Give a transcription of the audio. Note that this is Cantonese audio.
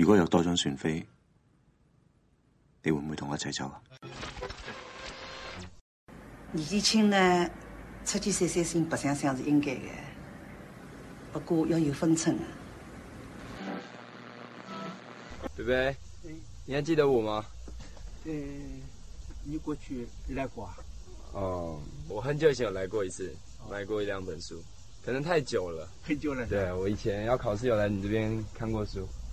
如果有多張船票，你會唔會同我一齊走啊？年紀輕呢，出去散散心，白想想是應該嘅，不過要有分寸，啊。伯伯，你還記得我嗎？嗯，欸，你過去你來過，啊。哦，我很久以前有來過一次，哦，買過一兩本書，可能太久了，很久了。對我以前要考試，有來你這邊看過書。